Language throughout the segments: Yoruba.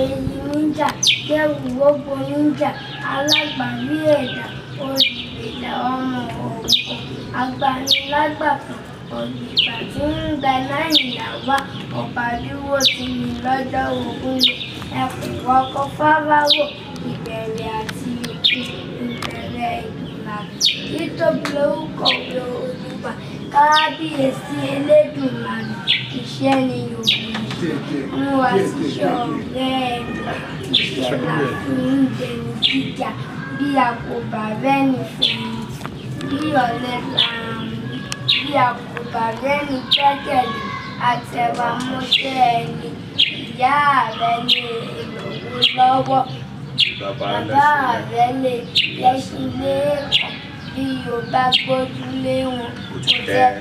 ìbejì níjà jẹ́rù gbogbo níjà alágbàwí ẹ̀dá olùgbèjà ọmọ òògùn agbanilágbàfọ̀ ògbìgbà tí ń gba náírà wá ọ̀bàdúró ti ní lọ́jọ́ ogún lé ẹkùn wọkọ̀ fáráwò ìbẹ̀rẹ̀ àti òkè ìbẹ̀rẹ̀ ìgbìmọ̀ títóbi lórúkọ olùgbà kábíyèsí elédùnmarè ìṣẹ́ ni yorùbá. Wọn wá sí ọ̀rẹ́ mi ìṣẹ̀lá fún ìdẹ̀rù jíjà bí a kò bá rẹ́ni fún mi bí ọ̀lẹ làárín bí a kò bá rẹ́ni gbójú lé kò jẹ́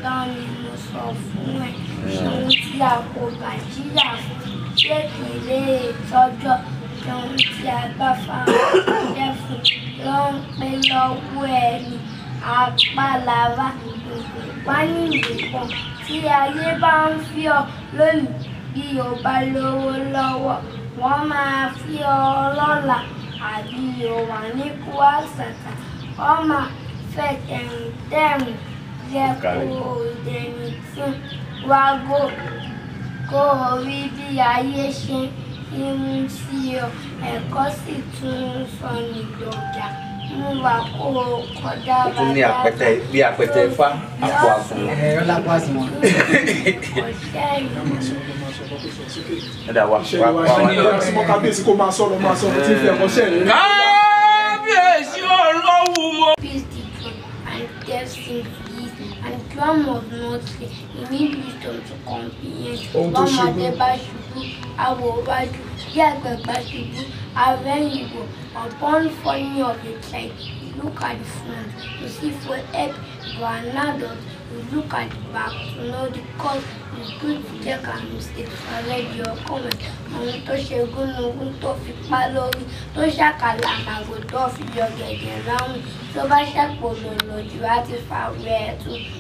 tán ni mo sọ fún ẹ ohun tí a kò bá jìyà fún jẹ́ kí ilé ìtọ́jọ́ ohun tí a bá farajẹ́ fún ló ń pẹ́ lọ́wọ́ ẹni apálára ìpánìyàn tí ayé bá ń fi ọ lónìí bí o bá lówó lọ́wọ́ wọ́n máa fi ọ lọ́la àbí o wà ní kúwàsàkà wọ́n máa fẹ́ tẹ̀rùntẹ̀rùn yẹ kó o dẹni tún wá gò kó o rí bí ayé ṣe ń tí ọ ẹ̀kọ́ sì tún ń sọ nìdọ̀gà mú wa kó o kọjá bàbá tó ní àpẹtẹ bí àpẹtẹ fá àpò àsùnwọ̀n. ẹ ọ lápò àsùnwọ̀n. ọ̀sẹ̀ yìí. ẹ dà wá wá wá wá. ṣé ìwà ìṣẹ́ kábíyèsí kó máa sọ̀rọ̀ máa sọ̀rọ̀ tí ń fi ẹ̀kọ́ ṣẹ̀ rẹ̀. kábíyèsí ọlọ́wù mo. peace dey come and death sing. One must not say, you need wisdom to comprehend. Ohun tó ṣubú. Bọ́mọdé bá ṣubú, àwò bá jù. Bí àgbẹ̀ bá ṣubú, àwẹ̀yìn wò. Upon falling of a child, you look at the front to see for help. For an adult, you look at the back to know the cause. You good to check and mistakes and read to comment. Ohun tó ṣe gúnugún tó fi pa lórí. Tó ṣàkàlà àgàgò tó fi yọ gẹ̀gẹ̀ ráhùn. Tó bá ṣàpò lòlò jù á to fa wẹ́ẹ̀ tún.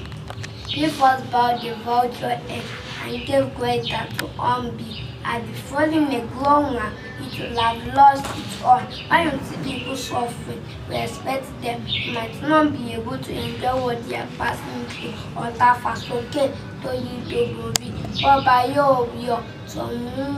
Give us back the vulture egg and give greater to Ombi. Had the fallen a glower, it will have lost its all. Why don't see people suffering? We expect them might not be able to enjoy what they are passing through or that fast okay to you to glory. Or by your your to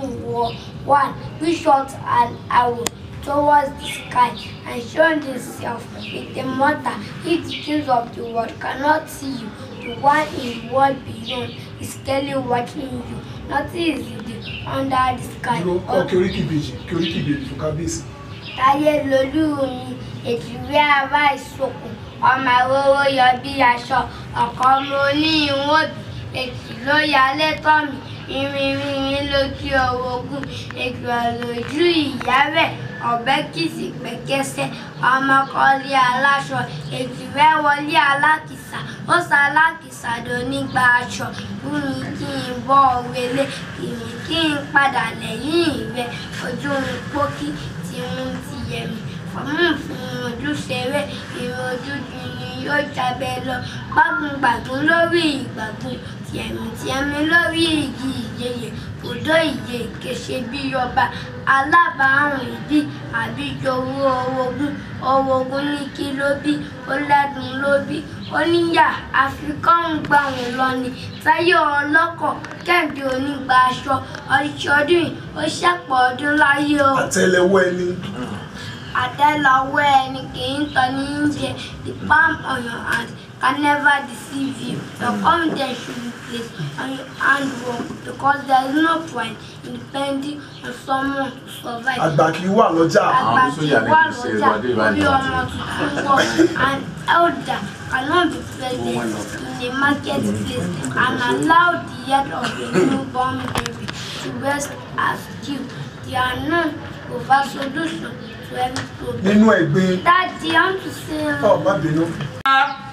move one, we shot an arrow towards the sky and shone himself with the mortar. If the kings of the world cannot see you, the one in world beyond is clearly watching you nothing is in the under the sky. dúró kọ́ koríki bèjì koríki bèjì fún kábíyèsí. táyé lolú mi ètùwé àwa ìsokùn ọmọ ìwòwò yọ bí aṣọ ọkọ mo ní ìwòbí èkì ló yálé tọ́ mi irin irin lójú orogún èkì ọ̀lójú ìyá rẹ̀ ọ̀bẹ kìsì pẹ̀kẹ́sẹ́ ọmọkọ́lé aláṣọ èjìrẹ́ wọlé alákìsà ó sa alákìsà dò nígbà aṣọ wúmi kí n bọ́ òrèlé ìmì kí n padà lẹ́yìn rẹ ojú mi pókí tí ń ti yẹ mi fọmú fún ojúṣe rẹ ìrìn ojú ni yóò jábẹ lọ gbágungbàgún lórí ìgbàgún tìẹ̀mìtìẹ̀mì lórí igi ìjẹyẹ òdó ìyè ìkẹṣẹ bí ọba alábàárùn ìbí àbíjọ owó ọwọgún ọwọgún ní kí ló bí ó lẹ́dùn ló bí ó níyà àfikọ́hún gbà wọn lọ ni táyé ọlọ́kọ̀ kẹ́ǹdé onígbà aṣọ ọṣọdún ó ṣẹ̀pọ̀ ọdún láyé o. àtẹ́lẹwọ́ ẹni. àtẹ́lẹwọ́ ẹni kì í tọ́ ní í the palm on your can never deceive you. Your confidence should be placed on your handwork because there is no point in depending on someone to survive. Àgbà kì í wà lọ́jà. Àgbà kì í wà lọ́jà. Orí ọmọ tuntun wọ and elder cannot be present in a market place and allow the head of a newborn baby to rest as guilt. They are not over solution to every problem. Nínú ẹ̀gbin. Dadi, I want to say. Ọ̀ oh, má bínú. Ah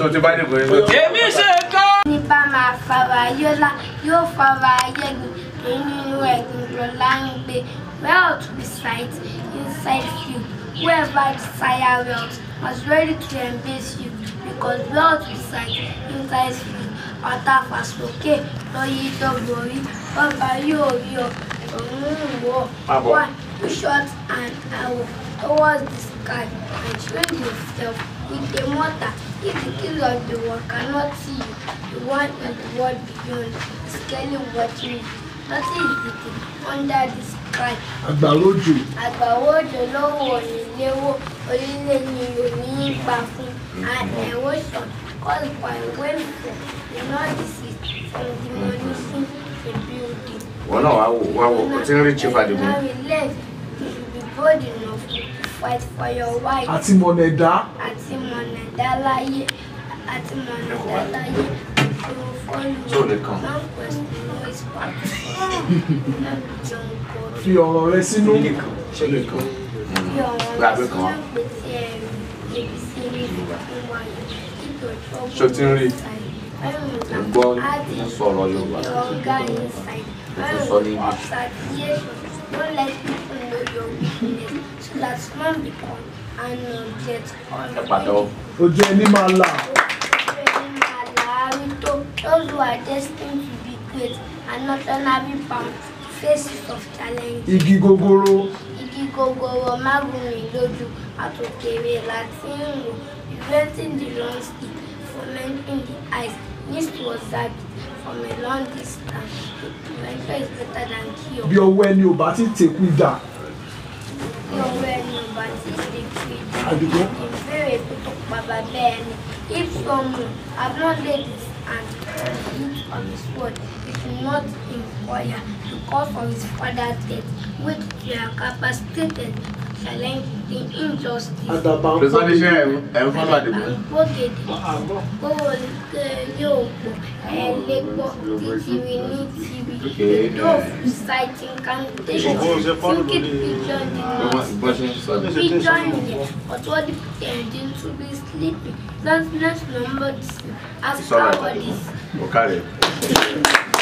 so ti bá dìbò yẹn. èmi ṣe kọ́. ní bá máa fara yọlá yóò fara yẹgbin torí nínú ẹ̀gbin lọ́la ń gbé wealth resides inside you whoever desire wealth must ready to embrace you because wealth resides inside you ọ̀tá fàṣọkè lọ́yí dọ́gbọ̀rí ọba yóò rí ọ òun wọ̀ wá short and arrow towards the sky and train yourself with a mortar. If you kill on the world cannot see you, the one in the world beyond is scaling what you. Nothing is hidden under the sky. Àgbàrójò. Àgbàrójò lọ́wọ́ oníléwó onílé ni òní gbà fún an erosion caused by rainfall in all the cities from the demolishing a building. Wọ́n náà wá wò wá wò ó ti ń rí Chief Adigun. Now we left, we should be bold enough fight for your wife. Àti mọ̀nà ẹ̀dá. Àti mọ̀nà ẹ̀dá láyé. Àti mọ̀nà ẹ̀dá láyé. follow me. Long quest no is part of it. Fi ọ̀rọ̀ rẹ sínú. Ṣé lè kàn? Fi ọ̀rọ̀ rẹ sínú o ti ń rí? Ẹ gbọ́ mo sọ̀rọ̀ Yorùbá. Your guy sọ ní ibi name so that man become an object on Ojú ẹni máa là. Ojú ẹni those who are destined to be great are not ordinary bound faces of challenge. Igi gogoro. Igi gogoro mágùnrin lójú àtòkèrè láti ń wò preventing the wrong stick fomenting the ice, needs was that. it from a long distance. Prevention is better than cure. Be aware, ẹni ò take with that. nowhere nearby since the tree the very If someone has not laid his hand on the his sword, he should not inquire to call for his father's death, which we are capacitated challenging the injustice. Àdàbà ń fọ́n níṣẹ́ ẹ̀ ń fọ́n àdìbò. Àgbọ̀gẹ̀dẹ̀ owó ní òpó ẹ̀ẹ́dẹ́gbọ́ tìtìrì ní tìbí ìdóòfù citing candidates thinking pigeon the pigeon the authority pretending to be sleeping last next number as cowardice.